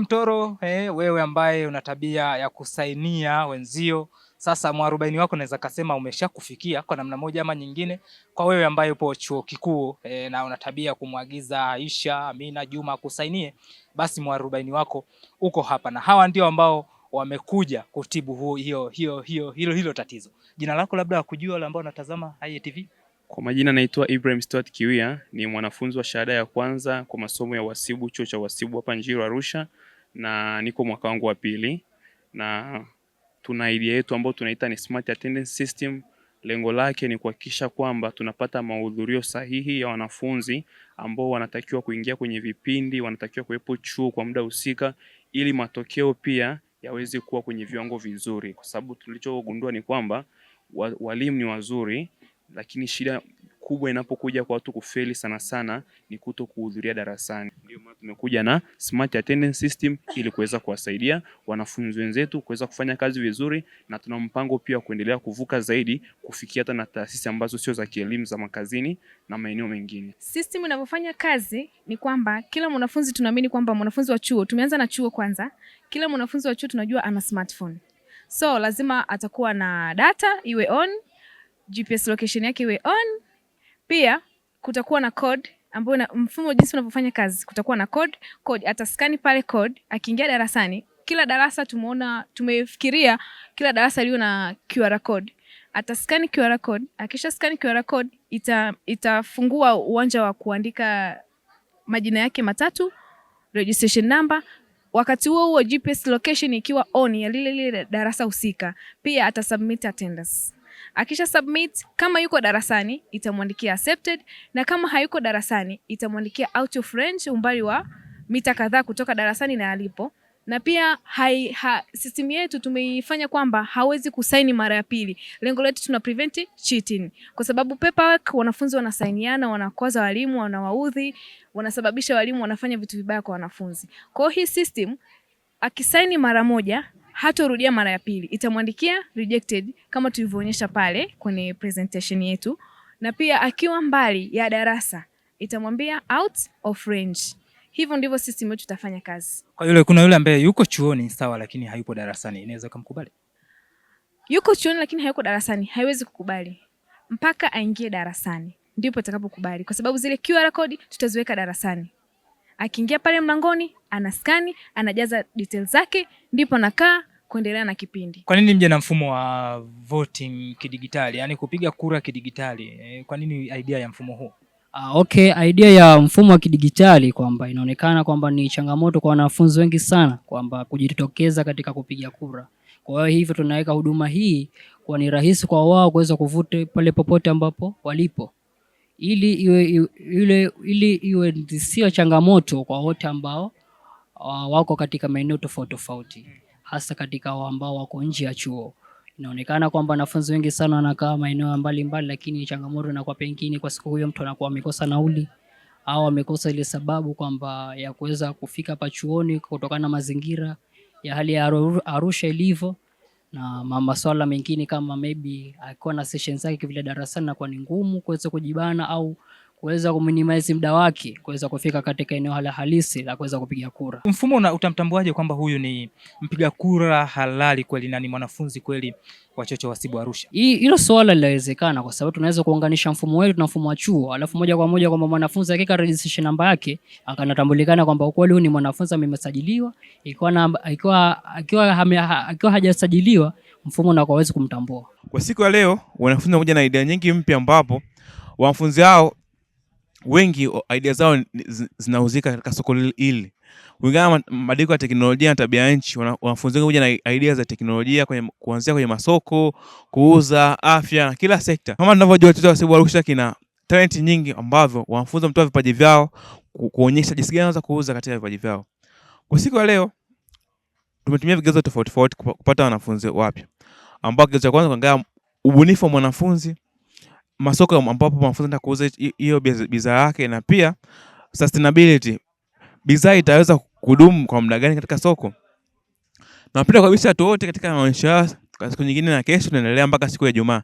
mtoro eh, wewe ambaye una tabia ya kusainia wenzio sasa mwarobaini wako naweza kasema umeshakufikia kwa namna moja ama nyingine. Kwa wewe ambaye upo chuo kikuu e, na una tabia kumwagiza Aisha, Amina, Juma kusainie, basi mwarobaini wako uko hapa, na hawa ndio ambao wamekuja kutibu huo, hiyo, hiyo, hiyo, hilo, hilo tatizo. Jina lako labda wakujua wale ambao wanatazama TV? Kwa majina naitwa Ibrahim Stuart Kiwia, ni mwanafunzi wa shahada ya kwanza kwa masomo ya uhasibu, chuo cha uhasibu hapa Njiro Arusha na niko mwaka wangu wa pili, na tuna idea yetu ambayo tunaita ni smart attendance system. Lengo lake ni kuhakikisha kwamba tunapata mahudhurio sahihi ya wanafunzi ambao wanatakiwa kuingia kwenye vipindi, wanatakiwa kuwepo chuo kwa muda husika, ili matokeo pia yaweze kuwa kwenye viwango vizuri, kwa sababu tulichogundua ni kwamba walimu ni wazuri, lakini shida kubwa inapokuja kwa watu kufeli sana sana ni kuto kuhudhuria darasani. Ndio maana tumekuja na smart attendance system ili kuweza kuwasaidia wanafunzi wenzetu kuweza kufanya kazi vizuri, na tuna mpango pia wa kuendelea kuvuka zaidi kufikia hata na taasisi ambazo sio za kielimu za makazini na maeneo mengine. System inavyofanya kazi ni kwamba kila mwanafunzi tunaamini kwamba mwanafunzi wa chuo, tumeanza na chuo kwanza, kila mwanafunzi wa chuo tunajua ana smartphone, so lazima atakuwa na data iwe on, GPS location yake iwe on pia kutakuwa na code ambayo na mfumo jinsi unavyofanya kazi, kutakuwa na code. Code ataskani pale code, akiingia darasani, kila darasa tumeona, tumefikiria kila darasa liwe na QR code. Ataskani QR code, akisha skani QR code ita, itafungua uwanja wa kuandika majina yake matatu, registration number wakati huo huo GPS location ikiwa on ya lile lile darasa husika. Pia atasubmit attendance. Akisha submit kama yuko darasani itamwandikia accepted, na kama hayuko darasani itamwandikia out of range, umbali wa mita kadhaa kutoka darasani na alipo. Na pia hai, ha, system yetu tumeifanya kwamba hawezi kusaini mara ya pili. Lengo letu tuna prevent cheating, kwa sababu paperwork wanafunzi wanasainiana, wanakwaza walimu, wanawaudhi, wanasababisha walimu wanafanya vitu vibaya kwa wanafunzi. Kwa hiyo hii system akisaini mara moja hatorudia mara ya pili, itamwandikia rejected kama tulivyoonyesha pale kwenye presentation yetu, na pia akiwa mbali ya darasa itamwambia out of range. Hivyo ndivyo system yetu tutafanya kazi. Kwa yule, kuna yule ambaye yuko chuoni sawa, lakini hayupo darasani, inaweza kumkubali? Yuko chuoni lakini hayuko darasani, haiwezi kukubali mpaka aingie darasani, ndipo atakapokubali, kwa sababu zile QR code tutaziweka darasani. Akiingia pale mlangoni, anaskani, anajaza details zake, ndipo nakaa kuendelea na kipindi. Kwa nini mje na mfumo wa voting kidigitali, yaani kupiga kura kidigitali? Eh, kwa nini idea ya mfumo huu? Ah, okay, idea ya mfumo wa kidigitali kwamba inaonekana kwamba ni changamoto kwa wanafunzi wengi sana kwamba kujitokeza katika kupiga kura. Kwa hiyo hivyo tunaweka huduma hii kwa ni rahisi kwa wao kuweza kuvute pale popote ambapo walipo ili iwe, ile, ili iwe sio changamoto kwa wote ambao ah, wako katika maeneo tofauti tofauti hasa katika wao ambao wako nje ya chuo. Inaonekana kwamba wanafunzi wengi sana wanakaa maeneo mbalimbali, lakini changamoto inakuwa pengine kwa siku hiyo mtu anakuwa amekosa nauli au amekosa ile sababu kwamba ya kuweza kufika hapa chuoni kutokana na mazingira ya hali ya Arusha ilivyo na maswala mengine kama maybe akiwa na session zake vile darasani, na kwa ni ngumu kuweza kujibana au kuweza kuminimize muda wake kuweza kufika katika eneo la halisi la kuweza kupiga kura. Mfumo utamtambuaje kwamba huyu ni mpiga kura halali kweli na ni mwanafunzi kweli wa Chocho Wasibu Arusha? Hilo swala linawezekana, kwa sababu tunaweza kuunganisha mfumo wetu na mfumo wa chuo, alafu moja kwa moja kwamba mwanafunzi akika registration namba yake akanatambulikana kwamba ukweli huyu ni mwanafunzi amemsajiliwa, ikiwa akiwa hajasajiliwa mfumo na hawezi kumtambua. Kwa siku ya leo wanafunzi pamoja na idea nyingi mpya, ambapo wanafunzi hao wengi idea zao zinauzika katika soko hili. Kulingana mabadiliko ya teknolojia na tabia nchi, wanafunzi wengi huja na idea za teknolojia kwenye, kuanzia kwenye masoko, kuuza, afya na kila sekta. Kama tunavyojua watoto wa Sebu Arusha kina talent nyingi ambavyo wanafunzi wametoa vipaji vyao kuonyesha jinsi gani wanaweza kuuza katika vipaji vyao. Kwa siku ya leo tumetumia vigezo tofauti tofauti kupata wanafunzi wapya, ambao kigezo cha kwanza kuangalia ubunifu wa mwanafunzi masoko ambapo mafuta enda kuuza hiyo bidhaa yake, na pia sustainability, bidhaa itaweza kudumu kwa muda gani katika soko. Nawapenda kabisa watu wote katika maonyesho hayo. Siku nyingine na kesho tunaendelea mpaka siku ya Ijumaa.